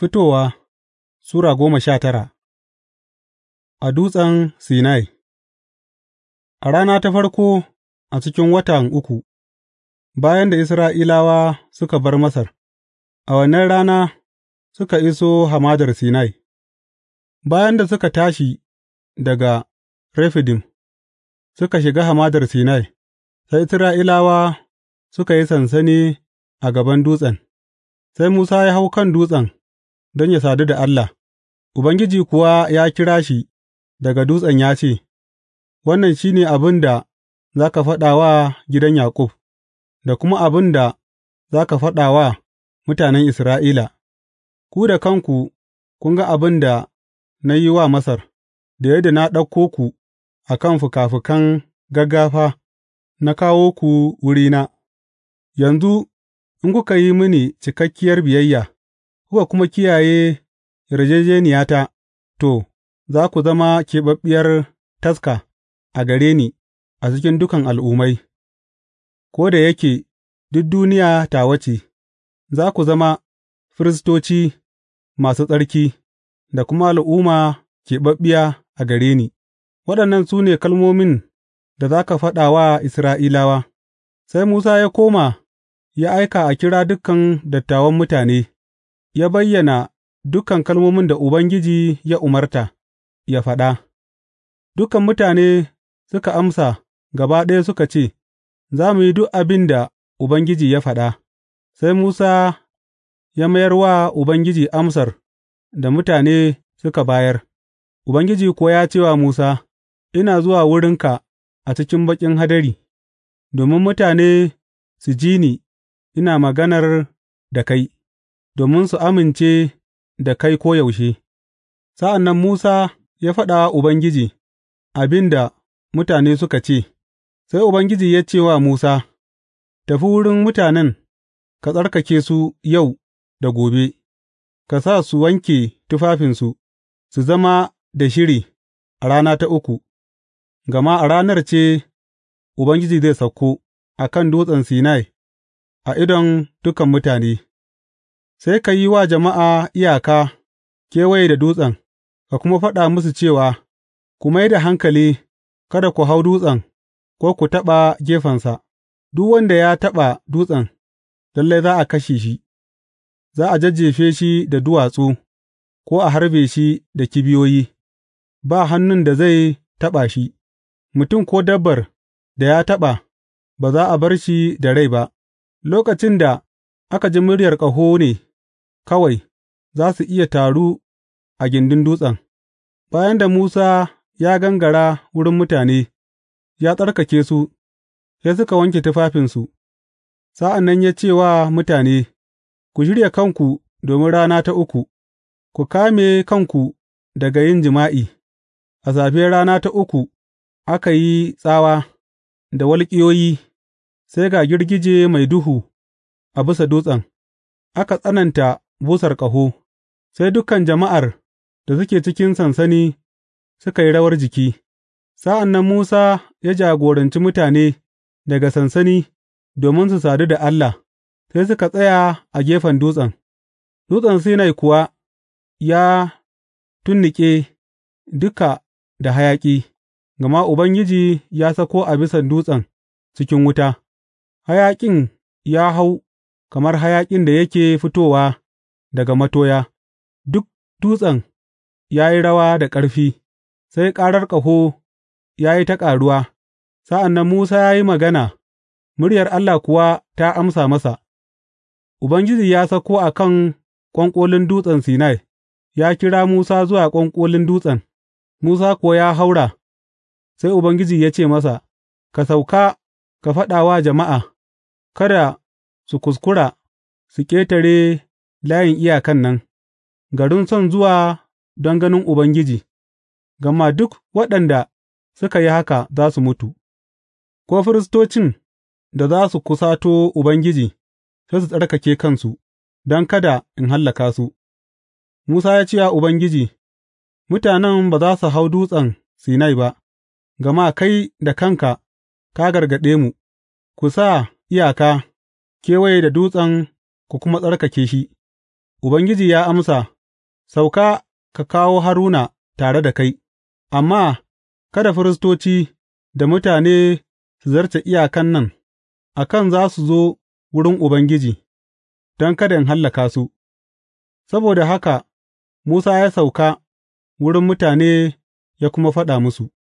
Fitowa Sura goma sha tara A Dutsen Sinai A rana ta farko a cikin watan uku, bayan da Isra'ilawa suka bar Masar, a wannan rana suka iso Hamadar Sinai, bayan da suka tashi daga Refidim, suka shiga Hamadar Sinai, sai Isra'ilawa suka yi sansani a gaban dutsen, sai Musa ya hau kan dutsen. don yă sadu da Allah, Ubangiji kuwa ya kira shi daga dutsen ya ce, Wannan shi ne abin da za ka faɗa wa gidan Yaƙub, da kuma abin da za ka faɗa wa mutanen Isra'ila, ku da kanku kun ga abin da na yi wa Masar, da yadda na ɗauko ku a kan fikafikan gaggafa na kawo ku wurina, yanzu in kuka yi mini cikakkiyar biyayya. kuka kuma kiyaye yarjejjeniyata, to, za ku zama keɓaɓɓiyar taska a gare ni a cikin dukan al'ummai, ko da yake duk duniya tawa ce, za ku zama firistoci masu tsarki da kuma al'umma keɓaɓɓiya a gare ni. Waɗannan su ne kalmomin da za ka faɗa wa Isra'ilawa. Sai Musa ya koma ya aika a kira dukan dattawan mutane. ya bayyana dukan kalmomin da Ubangiji ya umarta ya faɗa, dukan mutane suka amsa gaba ɗaya suka ce, Za mu yi duk abin da Ubangiji ya faɗa, sai Musa ya mayar wa Ubangiji amsar da mutane suka bayar, Ubangiji kuwa ya ce wa Musa, Ina zuwa wurinka a cikin baƙin hadari, domin mutane su ji ni ina maganar da kai. domin su amince da kai koyaushe, sa'an nan Musa ya faɗa wa Ubangiji abin da mutane suka ce, sai Ubangiji ya ce wa Musa, Tafi wurin mutanen ka tsarkake su yau da gobe, ka sa su wanke tufafinsu, su zama da shiri a rana ta uku, gama a ranar ce Ubangiji zai sauko a kan dutsen Sinai a idon dukan mutane. Sai ka yi wa jama'a iyaka kewaye da dutsen, ka kuma faɗa musu cewa, Ku mai da hankali, kada ku hau dutsen ko ku taɓa gefensa, duk wanda ya taɓa dutsen, lalle za a kashe shi, za a jajjefe shi da duwatsu ko a harbe shi da kibiyoyi, ba hannun da zai taɓa shi, mutum ko dabbar da ya taɓa, ba za a bar shi da rai ba, lokacin da aka ji muryar ƙaho ne. kawai za su iya taru a gindin dutsen, bayan da Musa ya gangara wurin mutane, ya tsarkake su, sai suka wanke tufafinsu, sa'an nan ya ce wa mutane, Ku shirya kanku domin rana ta uku, ku kame kanku daga yin jima'i, a safiyar rana ta uku aka yi tsawa da walƙiyoyi, sai ga girgije mai duhu a bisa dutsen, aka tsananta busar ƙaho, sai dukan jama'ar da suke cikin sansani suka yi rawar jiki, sa'an nan Musa ya jagoranci mutane daga sansani domin su sadu da Allah, sai suka tsaya a gefen dutsen, dutsen Sinai kuwa ya tunnuƙe duka da hayaƙi, gama Ubangiji ya sako a bisan dutsen cikin wuta, hayaƙin ya hau kamar hayaƙin da yake fitowa daga matoya, duk dutsen ya yi rawa da ƙarfi, sai ƙarar ƙaho ya yi ta ƙaruwa, sa'an nan Musa ya yi magana, muryar Allah kuwa ta amsa masa, Ubangiji ya sako a kan ƙwanƙolin dutsen Sinai, ya kira Musa zuwa ƙwanƙolin dutsen, Musa kuwa ya haura, sai Ubangiji ya ce masa, Ka sauka, ka faɗa wa jama'a, kada su kuskura su ƙetare layin iyakan nan, garin son zuwa don ganin Ubangiji, gama duk waɗanda suka yi haka za su mutu, ko firistocin da za su kusato Ubangiji sai su tsarkake kansu, don kada in hallaka su. Musa ya ce wa Ubangiji, Mutanen ba za su hau dutsen Sinai ba, gama kai da kanka ka gargaɗe mu, ku sa iyaka kewaye da dutsen ku kuma tsarkake shi. Ubangiji ya amsa, Sauka ka kawo Haruna tare da kai, amma kada firistoci da mutane su zarce iyakan nan, a kan za su zo wurin Ubangiji, don kada in hallaka su, saboda haka Musa ya sauka wurin mutane ya kuma faɗa musu.